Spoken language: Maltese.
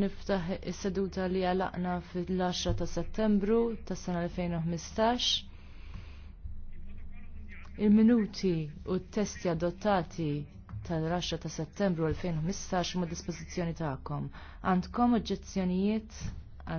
Niftaħ is-seduta li għalaqna fil-10 ta' settembru tas sena 2015. Il-minuti u t-testi adottati tal-10 ta' settembru 2015 ma' dispozizjoni ta'kom. Għandkom oġġezzjonijiet?